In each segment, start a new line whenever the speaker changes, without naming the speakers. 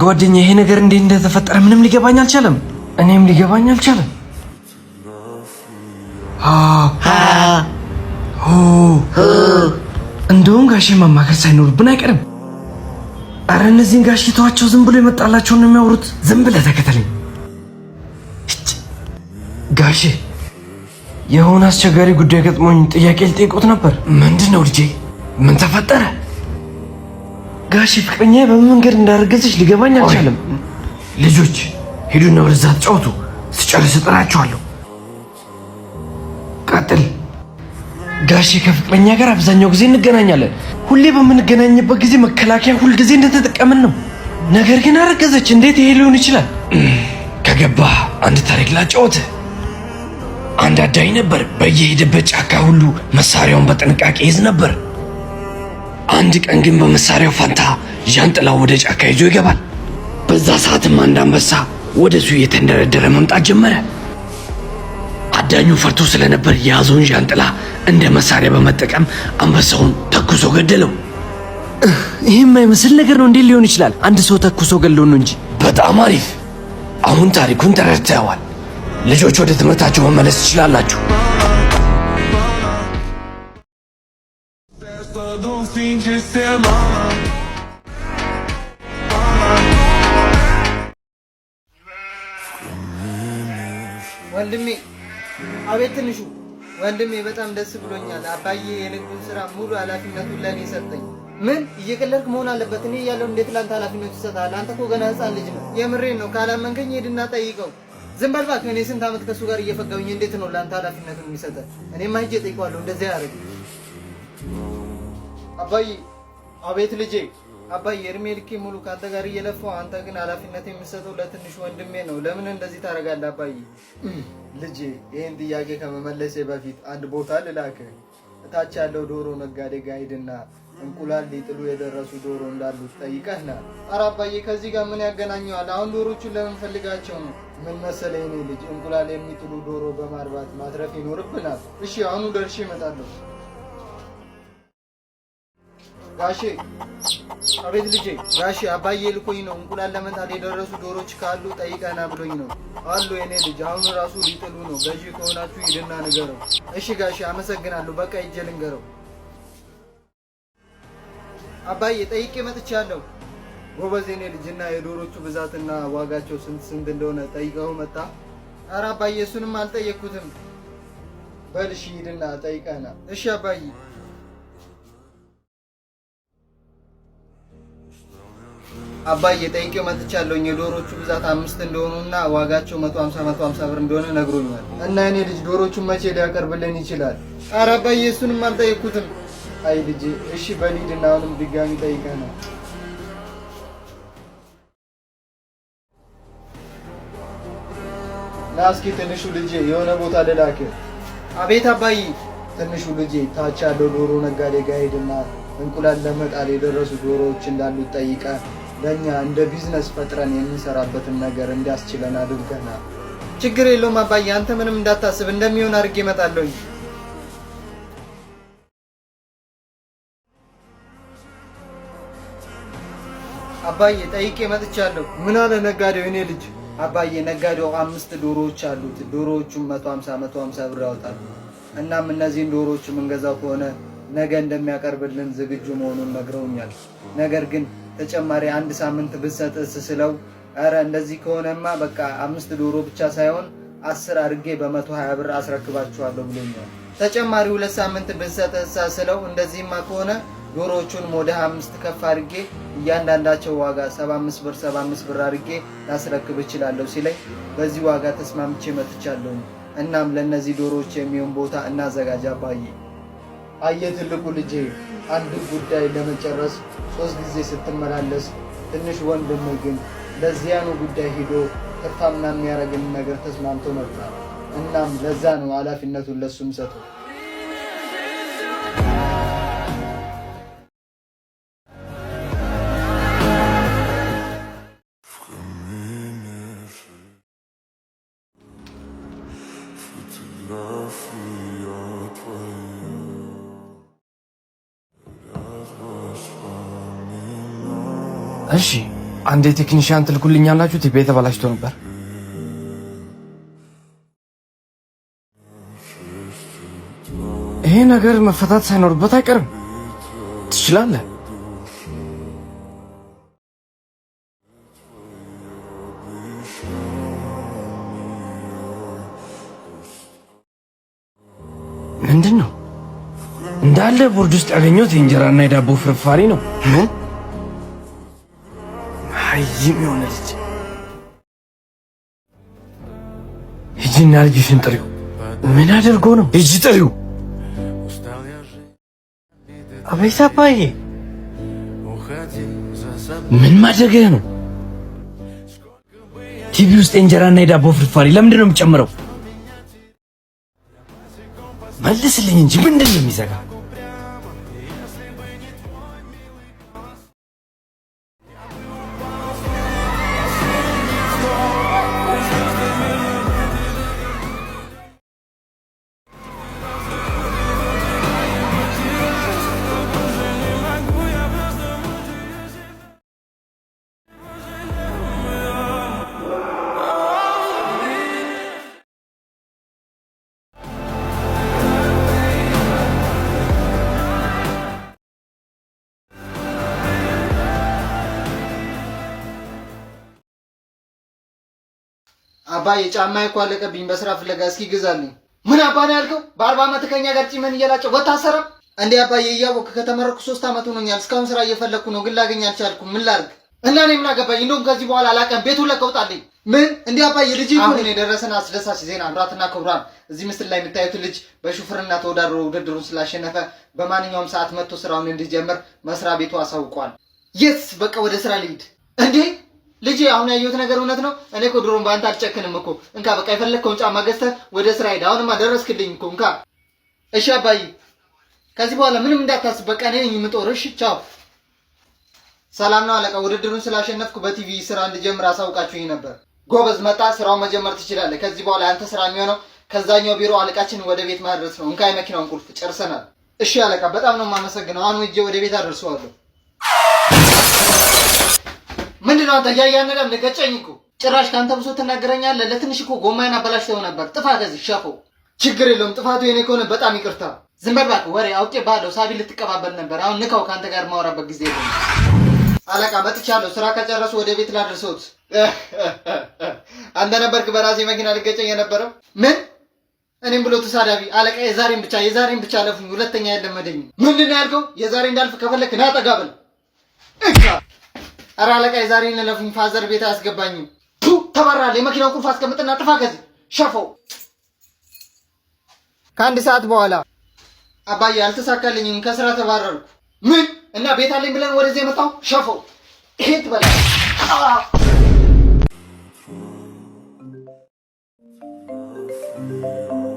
ጓደኛ ይሄ ነገር እንዴት እንደተፈጠረ ምንም ሊገባኝ አልቻለም። እኔም ሊገባኝ አልቻለም። እንደውም ጋሼ ማማከር ሳይኖርብን አይቀርም። አረ እነዚህን ጋሼ ተዋቸው፣ ዝም ብሎ የመጣላቸው ነው የሚያወሩት። ዝም ብለህ ተከተለኝ ጋሼ። የሆነ አስቸጋሪ ጉዳይ ገጥሞኝ ጥያቄ ልጠይቆት ነበር። ምንድን ነው ልጄ? ምን ተፈጠረ? ጋሺ ፍቅረኛ በምን መንገድ ሊገባኝ አልቻለም።
ልጆች ሄዱና ወደዛ ተጫወቱ፣ ስጨርስ እጠራችኋለሁ። ቀጥል።
ጋሺ ከፍቅረኛ ጋር አብዛኛው ጊዜ እንገናኛለን። ሁሌ በምንገናኝበት ጊዜ መከላከያ ሁልጊዜ እንደተጠቀምን ነው። ነገር ግን አረገዘች። እንዴት ይሄ ሊሆን ይችላል?
ከገባ አንድ ታሪክ ላጫወት። አንድ አዳኝ ነበር። በየሄደበት ጫካ ሁሉ መሳሪያውን በጥንቃቄ ይዝ ነበር። አንድ ቀን ግን በመሳሪያው ፋንታ ዣንጥላው ወደ ጫካ ይዞ ይገባል። በዛ ሰዓትም አንድ አንበሳ ወደሱ እየተንደረደረ መምጣት ጀመረ። አዳኙ ፈርቶ ስለነበር የያዘውን ዣንጥላ እንደ መሳሪያ በመጠቀም አንበሳውን ተኩሶ ገደለው።
ይህም የማይመስል ነገር ነው። እንዴት ሊሆን ይችላል? አንድ ሰው ተኩሶ ገለው ነው እንጂ።
በጣም አሪፍ። አሁን ታሪኩን ተረድተዋል። ልጆች ወደ ትምህርታቸው መመለስ ትችላላችሁ። Tudo fim de semana.
ወንድሜ አቤት ትንሹ ወንድሜ በጣም ደስ ብሎኛል። አባዬ የንግዱን ስራ ሙሉ ኃላፊነቱን ለእኔ ሰጠኝ። ምን እየቀለድክ መሆን አለበት? እኔ ያለው እንዴት ለአንተ ኃላፊነቱ ይሰጣል? አንተ እኮ ገና ህፃን ልጅ ነው። የምሬን ነው። ካላመንከኝ ሄድና ጠይቀው። ዝም በል እባክህ። እኔ ስንት ዓመት ከእሱ ጋር እየፈጋሁኝ እንዴት ነው ለአንተ ኃላፊነቱን የሚሰጠህ? እኔማ ሂጅ እጠይቀዋለሁ። እንደዚያ ያደርግ አባይ አቤት ልጄ አባይ የእድሜ ሙሉ ከአንተ ጋር እየለፋው አንተ ግን ኃላፊነት የምሰጠው ለትንሽ ወንድሜ ነው። ለምን እንደዚህ ታደርጋለህ? አባይ ልጄ ይህን ጥያቄ ከመመለሴ በፊት አንድ ቦታ ልላክ እታች ያለው ዶሮ ነጋዴ ጋይድና እንቁላል ሊጥሉ የደረሱ ዶሮ እንዳሉት ጠይቀህና። አረ አባዬ ከዚህ ጋር ምን ያገናኘዋል? አሁን ዶሮቹን ለምን ፈልጋቸው ነው? ምን መሰለ የእኔ ልጅ እንቁላል የሚጥሉ ዶሮ በማርባት ማትረፍ ይኖርብናል። እሺ አሁኑ ደርሼ እመጣለሁ። ጋሼ አቤት ልጄ። ጋሼ አባዬ ልኮኝ ነው እንቁላል ለመጣል የደረሱ ዶሮች ካሉ ጠይቀና ብሎኝ ነው አሉ። የኔ ልጅ አሁን ራሱ ሊጥሉ ነው። ገዢ ከሆናችሁ ሂድና ንገረው። እሺ ጋሼ አመሰግናለሁ። በቃ ሂጄ ልንገረው። አባዬ ጠይቄ መጥቻለሁ። ጎበዝ የኔ ልጅ። እና የዶሮቹ ብዛትና ዋጋቸው ስንት ስንት እንደሆነ ጠይቀው መጣ? ኧረ አባዬ እሱንም አልጠየቅኩትም። በልሽ ሂድና ጠይቀና። እሺ አባዬ አባዬ ጠይቄው መጥቻለሁኝ። የዶሮቹ ብዛት አምስት እንደሆኑና ዋጋቸው 150 150 ብር እንደሆነ ነግሮኛል። እና እኔ ልጅ ዶሮቹን መቼ ሊያቀርብልን ይችላል? ኧረ አባዬ እሱንም አልጠይኩትም። አይ ልጄ፣ እሺ በሊድና አሁንም ድጋሚ ጠይቀህ ነው ና እስኪ ትንሹ ልጄ የሆነ ቦታ ልላክ። አቤት አባይ ትንሹ ልጄ ታች ያለው ዶሮ ነጋዴ ጋር ሄድና እንቁላል ለመጣል የደረሱ ዶሮዎች እንዳሉ ጠይቀህ ለእኛ እንደ ቢዝነስ ፈጥረን የምንሰራበትን ነገር እንዲያስችለን አድርገናል። ችግር የለውም አባዬ፣ አንተ ምንም እንዳታስብ እንደሚሆን አድርጌ እመጣለሁ። አባዬ ጠይቄ መጥቻለሁ። ምን አለ ነጋዴው? እኔ ልጅ አባዬ ነጋዴው አምስት ዶሮዎች አሉት። ዶሮዎቹም መቶ ሀምሳ መቶ ሀምሳ ብር ያወጣሉ። እናም እነዚህን ዶሮዎች የምንገዛው ከሆነ ነገ እንደሚያቀርብልን ዝግጁ መሆኑን ነግረውኛል። ነገር ግን ተጨማሪ አንድ ሳምንት ብሰጥስ ስለው ኧረ እንደዚህ ከሆነማ በቃ አምስት ዶሮ ብቻ ሳይሆን አስር አድርጌ በመቶ ሀያ ብር አስረክባችኋለሁ ብሎኛል። ተጨማሪ ሁለት ሳምንት ብሰጥስ ስለው እንደዚህማ ከሆነ ዶሮዎቹን ወደ አምስት ከፍ አድርጌ እያንዳንዳቸው ዋጋ 75 ብር 75 ብር አድርጌ ላስረክብ እችላለሁ ሲለኝ በዚህ ዋጋ ተስማምቼ መጥቻለሁ። እናም ለእነዚህ ዶሮዎች የሚሆን ቦታ እናዘጋጅ አባዬ። አየ ትልቁ ልጄ አንድ ጉዳይ ለመጨረስ ሶስት ጊዜ ስትመላለስ ትንሽ ወንድም ግን ለዚያኑ ጉዳይ ሂዶ ትርፋምና የሚያደርግን ነገር ተስማምቶ መጣ። እናም ለዛ ነው ኃላፊነቱን ለሱም ሰጠው። እሺ፣ አንድ የቴክኒሽያን ትልኩልኛላችሁ? ቲቤ ተበላሽቶ ነበር። ይሄ ነገር መፈታት ሳይኖርበት አይቀርም። ትችላለህ። ምንድን ነው? እንዳለ ቦርድ ውስጥ ያገኘሁት የእንጀራና የዳቦ ፍርፋሪ ነው። ምን መሃይም የሆነ ልጅ
ሂጂና ልጅሽን ጥሪው።
ምን አድርጎ ነው? ሂጂ ጥሪው። አቤት አባዬ፣ ምን ማድረግህ ነው? ቲቪ ውስጥ የእንጀራና የዳቦ ፍርፋሪ ለምንድን ነው የምጨምረው? መልስልኝ እንጂ ምንድን ነው የሚዘጋ አባ የጫማ እኮ አለቀብኝ በስራ ፍለጋ እስኪ ግዛልኝ። ምን አባ ነው ያልከው? በአርባ ዓመት ከኛ ጋር ጭመን እያላጨው ወታሰረም እንዴ? አባዬ እያወቅህ ከተመረኩ ሶስት ዓመት ሆኖኛል። እስካሁን ስራ እየፈለግኩ ነው፣ ግን ላገኝ አልቻልኩም። ምን ላርግ እና እኔ ምን አገባኝ? እንደውም ከዚህ በኋላ አላቀም። ቤቱ ለቀውጣልኝ። ምን እንዴ አባዬ ልጅ አሁን የደረሰን አስደሳች ዜና ክቡራትና ክቡራን፣ እዚህ ምስል ላይ የምታዩት ልጅ በሹፍርና ተወዳድሮ ውድድሩን ስላሸነፈ በማንኛውም ሰዓት መጥቶ ስራውን እንዲጀምር መስሪያ ቤቱ አሳውቋል። የስ በቃ ወደ ስራ ልሂድ እንዴ ልጅ አሁን ያየሁት ነገር እውነት ነው። እኔ እኮ ድሮም በአንተ አልጨክንም እኮ እንካ፣ በቃ የፈለግከውን ጫማ ገዝተህ ወደ ስራ ሄድ። አሁንማ ደረስክልኝ እኮ እንካ። እሺ አባዬ፣ ከዚህ በኋላ ምንም እንዳታስብ፣ በቃ እኔ ነኝ እሺ ቻው። ሰላም ነው አለቃ። ውድድሩን ስላሸነፍኩ በቲቪ ስራ እንድጀምር አሳውቃችሁኝ ነበር። ጎበዝ፣ መጣ ስራው መጀመር ትችላለህ። ከዚህ በኋላ አንተ ስራ የሚሆነው ከዛኛው ቢሮ አለቃችን ወደ ቤት ማድረስ ነው። እንካ የመኪናውን ቁልፍ፣ ጨርሰናል። እሺ አለቃ፣ በጣም ነው የማመሰግነው። አሁን ሂጄ ወደ ቤት አደርሰዋለሁ። ነው አንተ እያያነዳም ልገጨኝ እኮ ጭራሽ ከአንተ ብሶ ትናገረኛለህ። ለትንሽ እኮ ጎማዬን አበላሽተው ነበር። ጥፋ ከዚህ ሸፎ ችግር የለውም ጥፋቱ የኔ ከሆነ በጣም ይቅርታ። ዝም በል እባክህ። ወሬ አውቄ ባለው ሳቢ ልትቀባበል ነበር። አሁን ንካው፣ ከአንተ ጋር ማውራበት ጊዜ የለም። አለቃ መጥቻለሁ። ስራ ከጨረሱ ወደ ቤት ላድርሰዎት። አንተ ነበርክ በራሴ መኪና ልገጨኝ የነበረው። ምን እኔም ብሎ ተሳዳቢ አለቃ። የዛሬን ብቻ የዛሬን ብቻ ለፉኝ፣ ሁለተኛ የለመደኝ። ምንድን ነው ያልከው? የዛሬ እንዳልፍ ከፈለክ ና ጠጋ በል። ኧረ አለቃዬ ዛሬ ለለፉኝ ፋዘር ቤት አያስገባኝም። ተባራል። የመኪናው ቁልፍ አስቀምጥና ጥፋ ከዚህ ሸፈው። ከአንድ ሰዓት በኋላ አባዬ አልተሳካልኝም፣ ከስራ ተባረርኩ። ምን እና ቤት አለኝ ብለን ወደዚህ የመጣው ሸፈው። እሄት። በላ Thank
you.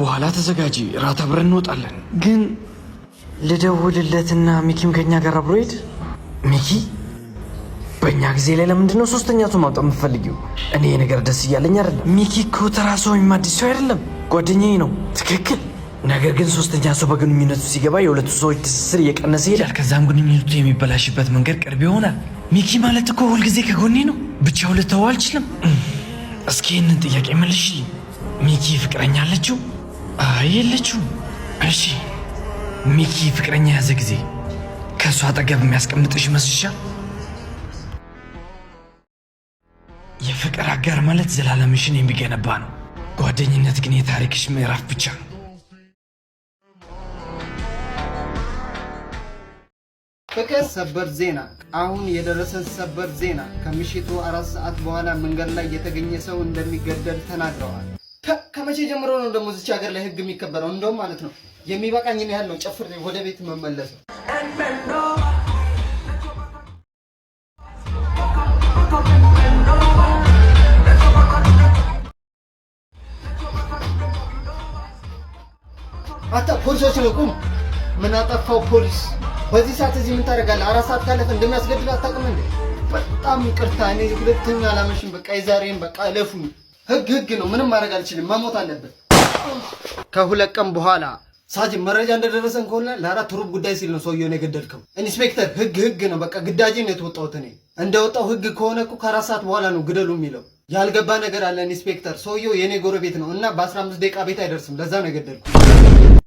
በኋላ ተዘጋጂ፣ ራት አብረን እንወጣለን።
ግን ልደውልለትና ሚኪም ከኛ ጋር አብሮ ሄድ። ሚኪ በእኛ ጊዜ ላይ ለምንድን ነው ሶስተኛ ሰው ማምጣት የምትፈልጊው? እኔ ነገር ደስ እያለኝ አይደለም። ሚኪ እኮ ተራ ሰው ወይም ሰው አይደለም፣ ጓደኛዬ ነው። ትክክል። ነገር ግን ሶስተኛ ሰው በግንኙነቱ ሲገባ የሁለቱ ሰዎች ትስስር እየቀነሰ
ሄዳል ከዛም ግንኙነቱ የሚበላሽበት መንገድ ቅርብ ይሆናል። ሚኪ ማለት እኮ ሁልጊዜ ከጎኔ ነው። ብቻው ልተወው አልችልም። እስኪ ይህንን ጥያቄ መልሽልኝ። ሚኪ ፍቅረኛ አለችው? አይ እሺ ሚኪ ፍቅረኛ የያዘ ጊዜ ከእሱ አጠገብ የሚያስቀምጥሽ መስሻ የፍቅር አጋር ማለት ዘላለምሽን የሚገነባ ነው። ጓደኝነት ግን የታሪክሽ ምዕራፍ ብቻ ነው።
ፍቅር ሰበር ዜና። አሁን የደረሰን ሰበር ዜና ከምሽቱ አራት ሰዓት በኋላ መንገድ ላይ የተገኘ ሰው እንደሚገደል ተናግረዋል። ከመቼ ጀምሮ ነው ደግሞ እዚች ሀገር ላይ ህግ የሚከበረው? እንደውም ማለት ነው የሚበቃኝን ያህል ነው ጨፍር ወደ ቤት መመለስ አታ ፖሊሶች ነው ቁም። ምን አጠፋው ፖሊስ? በዚህ ሰዓት እዚህ ምን ታደርጋለህ? አራት ሰዓት ካለፈ እንደሚያስገድል አታውቅም እንዴ? በጣም ይቅርታ እኔ ሁለተኛ አላመሽም። በቃ የዛሬን በቃ እለፉኝ። ህግ ህግ ነው። ምንም ማድረግ አልችልም። መሞት አለበት። ከሁለት ቀን በኋላ ሳጅን መረጃ እንደደረሰን ከሆነ ለአራት ሩብ ጉዳይ ሲል ነው ሰውየውን የገደልከው። ኢንስፔክተር ህግ ህግ ነው። በቃ ግዳጅ ነው የተወጣሁት እኔ። እንደወጣው ህግ ከሆነ እኮ ከአራት ሰዓት በኋላ ነው ግደሉ የሚለው። ያልገባ ነገር አለ ኢንስፔክተር። ሰውየው የእኔ ጎረቤት ነው እና በ15 ደቂቃ ቤት አይደርስም። ለዛ ነው የገደልኩ።